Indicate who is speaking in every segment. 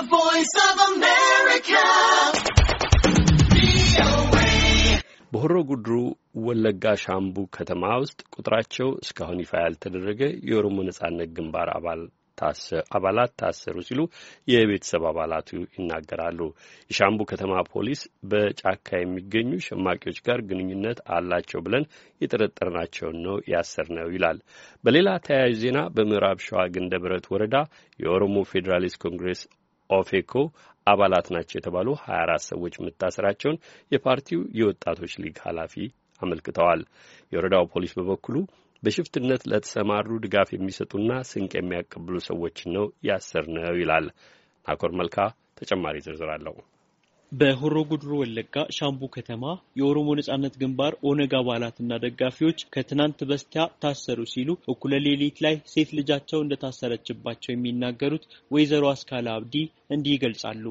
Speaker 1: The
Speaker 2: በሆሮ ጉድሩ ወለጋ ሻምቡ ከተማ ውስጥ ቁጥራቸው እስካሁን ይፋ ያልተደረገ የኦሮሞ ነጻነት ግንባር አባል አባላት ታሰሩ ሲሉ የቤተሰብ አባላቱ ይናገራሉ። የሻምቡ ከተማ ፖሊስ በጫካ የሚገኙ ሸማቂዎች ጋር ግንኙነት አላቸው ብለን የጠረጠርናቸውን ነው ያሰርነው ይላል። በሌላ ተያያዥ ዜና በምዕራብ ሸዋ ግንደበረት ወረዳ የኦሮሞ ፌዴራሊስት ኮንግሬስ ኦፌኮ አባላት ናቸው የተባሉ 24 ሰዎች መታሰራቸውን የፓርቲው የወጣቶች ሊግ ኃላፊ አመልክተዋል። የወረዳው ፖሊስ በበኩሉ በሽፍትነት ለተሰማሩ ድጋፍ የሚሰጡና ስንቅ የሚያቀብሉ ሰዎችን ነው ያሰር ነው ይላል። ናኮር መልካ ተጨማሪ ዝርዝር አለው።
Speaker 1: በሆሮ ጉድሮ ወለጋ ሻምቡ ከተማ የኦሮሞ ነጻነት ግንባር ኦነግ አባላትና ደጋፊዎች ከትናንት በስቲያ ታሰሩ ሲሉ እኩለ ሌሊት ላይ ሴት ልጃቸው እንደታሰረችባቸው የሚናገሩት ወይዘሮ አስካላ አብዲ እንዲህ ይገልጻሉ።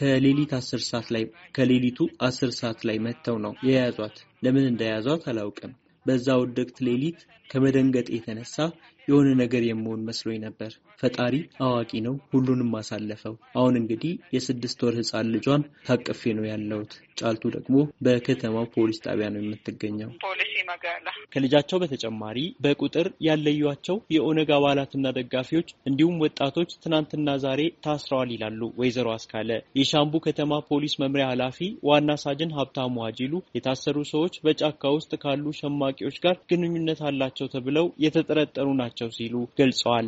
Speaker 1: ከሌሊት አስር ሰዓት ላይ ከሌሊቱ አስር ሰዓት ላይ መጥተው ነው የያዟት። ለምን እንደያዟት አላውቅም። በዛ ውድቅት ሌሊት ከመደንገጥ የተነሳ የሆነ ነገር የመሆን መስሎኝ ነበር። ፈጣሪ አዋቂ ነው፣ ሁሉንም አሳለፈው። አሁን እንግዲህ የስድስት ወር ህፃን ልጇን ታቅፌ ነው ያለሁት። ጫልቱ ደግሞ በከተማው ፖሊስ ጣቢያ ነው የምትገኘው። ከልጃቸው በተጨማሪ በቁጥር ያለዩቸው የኦነግ አባላትና ደጋፊዎች እንዲሁም ወጣቶች ትናንትና ዛሬ ታስረዋል ይላሉ ወይዘሮ አስካለ። የሻምቡ ከተማ ፖሊስ መምሪያ ኃላፊ ዋና ሳጅን ሀብታሙ አጂሉ የታሰሩ ሰዎች በጫካ ውስጥ ካሉ ሸማቂዎች ጋር ግንኙነት አላቸው ተብለው የተጠረጠሩ ናቸው ናቸው ሲሉ ገልጸዋል።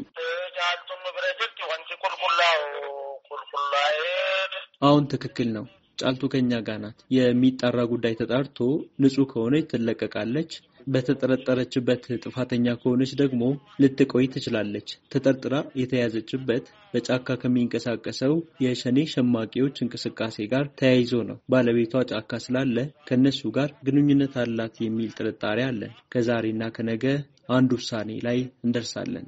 Speaker 1: አሁን ትክክል ነው። ጫልቱ ከኛ ጋር ናት። የሚጣራ ጉዳይ ተጣርቶ ንጹህ ከሆነች ትለቀቃለች። በተጠረጠረችበት ጥፋተኛ ከሆነች ደግሞ ልትቆይ ትችላለች። ተጠርጥራ የተያዘችበት በጫካ ከሚንቀሳቀሰው የሸኔ ሸማቂዎች እንቅስቃሴ ጋር ተያይዞ ነው። ባለቤቷ ጫካ ስላለ ከእነሱ ጋር ግንኙነት አላት የሚል ጥርጣሬ አለን። ከዛሬና ከነገ አንድ ውሳኔ ላይ እንደርሳለን።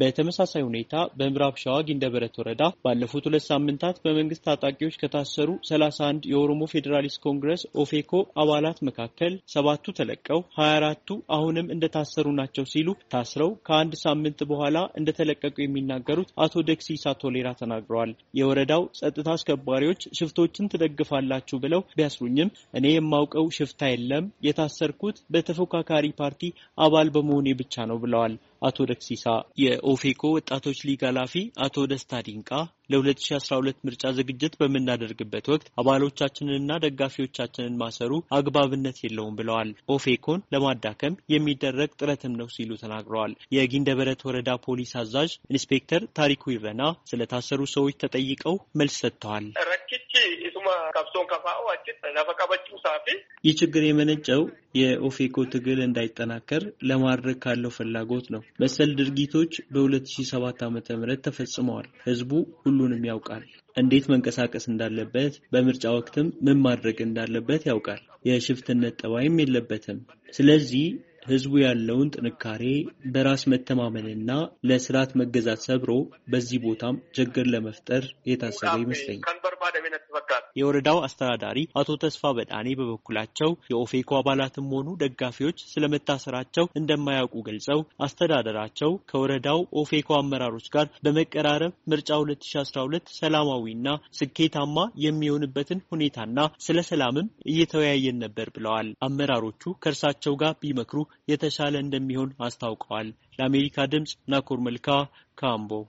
Speaker 1: በተመሳሳይ ሁኔታ በምዕራብ ሸዋ ጊንደበረት ወረዳ ባለፉት ሁለት ሳምንታት በመንግስት ታጣቂዎች ከታሰሩ 31 የኦሮሞ ፌዴራሊስት ኮንግረስ ኦፌኮ አባላት መካከል ሰባቱ ተለቀው 24ቱ አሁንም እንደታሰሩ ናቸው ሲሉ ታስረው ከአንድ ሳምንት በኋላ እንደተለቀቁ የሚናገሩት አቶ ደክሲሳ ቶሌራ ተናግረዋል። የወረዳው ጸጥታ አስከባሪዎች ሽፍቶችን ትደግፋላችሁ ብለው ቢያስሩኝም እኔ የማውቀው ሽፍታ የለም፣ የታሰርኩት በተፎካካሪ ፓርቲ አባል በመሆኔ ብቻ ነው ብለዋል። አቶ ደክሲሳ፣ የኦፌኮ ወጣቶች ሊግ ኃላፊ አቶ ደስታ ዲንቃ ለ2012 ምርጫ ዝግጅት በምናደርግበት ወቅት አባሎቻችንንና ደጋፊዎቻችንን ማሰሩ አግባብነት የለውም ብለዋል። ኦፌኮን ለማዳከም የሚደረግ ጥረትም ነው ሲሉ ተናግረዋል። የጊንደበረት ወረዳ ፖሊስ አዛዥ ኢንስፔክተር ታሪኩ ይረና ስለታሰሩ ሰዎች ተጠይቀው መልስ ሰጥተዋል። ይህ ችግር የመነጨው የኦፌኮ ትግል እንዳይጠናከር ለማድረግ ካለው ፍላጎት ነው። መሰል ድርጊቶች በ2007 ዓ.ም ተፈጽመዋል። ህዝቡ ሁሉንም ያውቃል። እንዴት መንቀሳቀስ እንዳለበት፣ በምርጫ ወቅትም ምን ማድረግ እንዳለበት ያውቃል። የሽፍትነት ጠባይም የለበትም። ስለዚህ ህዝቡ ያለውን ጥንካሬ በራስ መተማመንና ለስርዓት መገዛት ሰብሮ በዚህ ቦታም ችግር ለመፍጠር የታሰበ ይመስለኛል። የወረዳው አስተዳዳሪ አቶ ተስፋ በጣኔ በበኩላቸው የኦፌኮ አባላትም ሆኑ ደጋፊዎች ስለመታሰራቸው እንደማያውቁ ገልጸው አስተዳደራቸው ከወረዳው ኦፌኮ አመራሮች ጋር በመቀራረብ ምርጫ 2012 ሰላማዊና ስኬታማ የሚሆንበትን ሁኔታና ስለ ሰላምም እየተወያየን ነበር ብለዋል። አመራሮቹ ከእርሳቸው ጋር ቢመክሩ የተሻለ እንደሚሆን አስታውቀዋል። ለአሜሪካ ድምፅ ናኮር መልካ ካምቦ